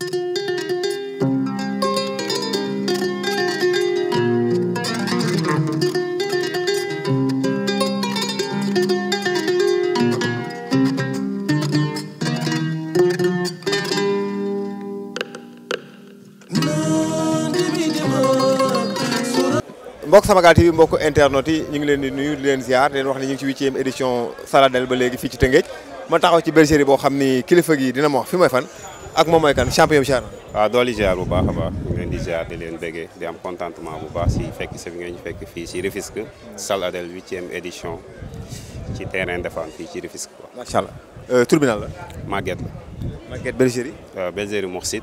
mbokk Samagal TV mbokk internet yi ñu ngi leen di nuyu di leen ziar leen wax ne ñu ngi ci huitième édition Saladel ba léegi fii ci Tëngéej ma taxaw ci bergerie boo xam ni kilifa gi dina ma wax fi may fan ak moom mooy kan champion bi ziar dooli ziar bu baax a baax ñu leen di ziar di leen bëggee di am contentement bu baax si fekk si ñu fekk fii si Rufisque salle Adel huitième édition ci terrain Ndefane fii ci Rufisque quoi. macha allah euh, tribunal la. Maguette la. Maguette Bergerie. Euh, Bergerie Mourchid.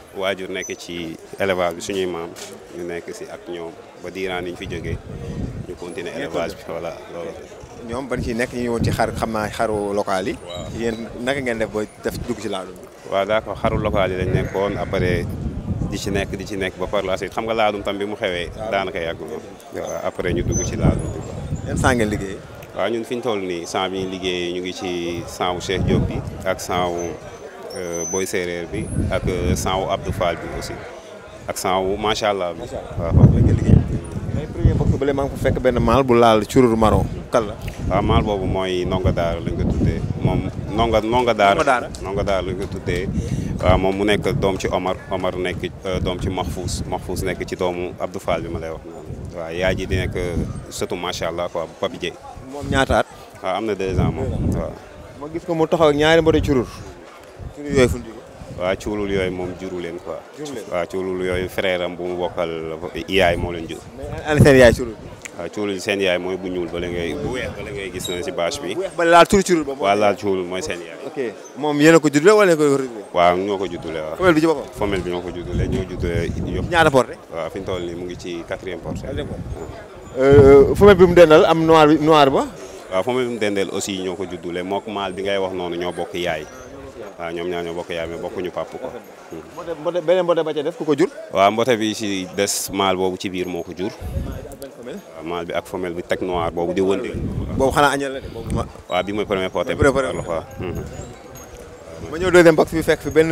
waajur nekk ci élevage bi suñuy maam ñu nekk si ak ñoom ba diiraan yi ñu fi jóge ñu continuer élevage bi voilà ñoom ban ci nekk ñu ngi ci xar xam naa xaru local yi. yéen naka ngeen def ba def dugg ci laadum bi. waa d'accord xaru local yi lañ nekkoon après di ci nekk di ci nekk ba par la suite xam nga laadum tam bi mu xewee. daanaka yàggul waaw ñu dugg ci laadum bi quoi. liggéey. waaw ñun fi ñu toll nii sang bi ñu liggéey ñu ngi ci sangu Cheikh Diop ak sangu. Euh, Boy Séeréer bi ak euh, Sanwu Abdou Fall bi aussi ak Sanwu macha allah. macha allah waaw waaw premier fekk benn maal bu laal curur maron kal la. waaw boobu mooy nongo daar lañ ko tuddee moom nongo ndongo daara ndongo daara lañ tuddee waaw moom mu nekk doom ci Omar Omar nekk euh, doom ci Mahfouz Mahfouz nekk ci doomu Abdou Fall bi ma lay wax noonu waaw yaay ji di nekk surtout macha allah quoi bu Papi ñaataat. waaw am na deux moom waaw. ma gis ko mu taxaw ak ñaari curur. tur yooyu waaw cuulul yooyu moom juru leen quoi. waaw cuulul yooyu frère am bu mu bokkal yaay moo leen jur. mais ana seen yaay cuulul. waaw yaay mooy bu ñuul bala ngay bu weex bala gis na si bâche bi. bu weex laal tur cuulul ba. waaw laal cuulul mooy seen yaay. moom yéen ko juddulee wala yéen a waaw ñoo ko juddulee waaw. femelle bi ci boppam. bi ñoo ko juddulee ñoo juddulee yëpp. ñaata portée. fi ñu toll nii mu ngi ci quatrième portée. Euh, bi mu dendal am noir bi noir ba. waaw femelle bi mu dendal aussi ñoo ko juddulee mook maal bi ngay wax noonu ñoo bokk yaay waaw ñoom ñaa ñoo bokk yaay mais bokkuñu pàpp ko mbote beneen mbote ba def ku ko jur waaw mbote bi si des maal boobu ci biir moo ko jur maal bi ak femelle bi teg noir boobu di wënde boobu xanaa añal la de waaw bi mooy premier porté bi waaw mhm. ma ñëw deuxième box bi fekk fi benn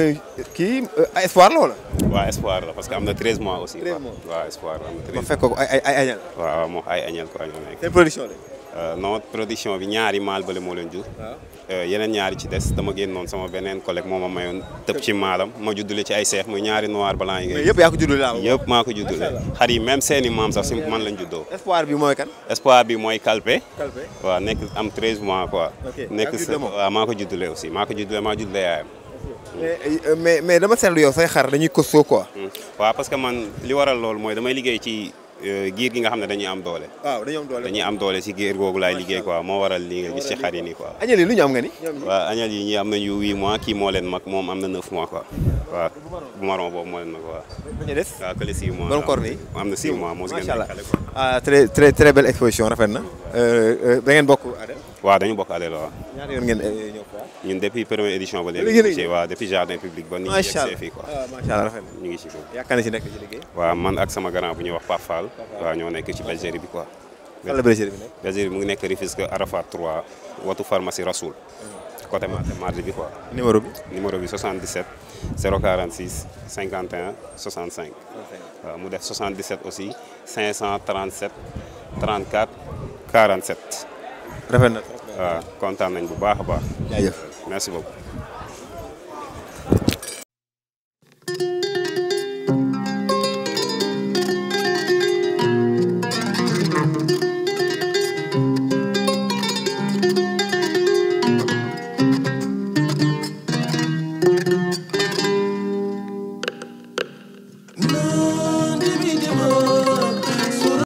kii euh, espoir la wala. waaw espoir la parce que am na 13 mois aussi. 13 mois waaw espoir am moo ay añal ko añal. seen Euh, non production bi ñaari maal bële moo leen jur. Ah. Euh, yeneen ñaari ci des dama génnoon sama beneen collègue moo ma mayoon tëb ci maalam ma juddule ci ay seex muy ñaari noir blanc yi ngay. mais yëpp yaa ko juddule laa yëpp maa ko juddule. xar yi même si man lañ juddoo. espoir bi mooy calpe. calpe nekk am 13 mois maa ko juddule aussi maa ko juddule maa yaayam. Euh, mais dama seetlu yow say xar dañuy costaud quoi. Hmm. waaw parce que man li waral loolu mooy damay liggéey ci. Euh, giir gi nga xam ne dañuy am doole. waaw dañuy am doole dañuy am si giir googu laay liggéey quoi moo waral lii nga gis si xar yi nii lu ñu am nga ni. waaw añal yi am nañu huit mois kii moo leen mag moom am na neuf mois quoi. waaw bu maron boobu moo mag waaw. kële six mois. am na six mois moo si gën a xale quoi. ah très très très belle exposition rafet na. Euh, euh, da bokk Adel. dañu bokk Adel waaw. ñun depuis première édition ba léegi. léegi waaw depuis jardin public ba. macha ah, ñu ngi si fii. yaakaar naa si nekk ci liggéey. waaw man ak sama grand bu ñuy wax Pape Fall. waaw ñoo nekk ci bergerie bi quoi. fan la bergerie bi nekk. bergerie bi mu ngi nekk Rufisque Arafat 3 watu pharmacie Rasoul. Uh-huh. côté mardi bi ko numéro bi. numéro bi 77 046 51 65. waaw mu def 77 aussi 537 34 47. rafet na waaw kontaan nañ bu baax a baax. Merci beaucoup.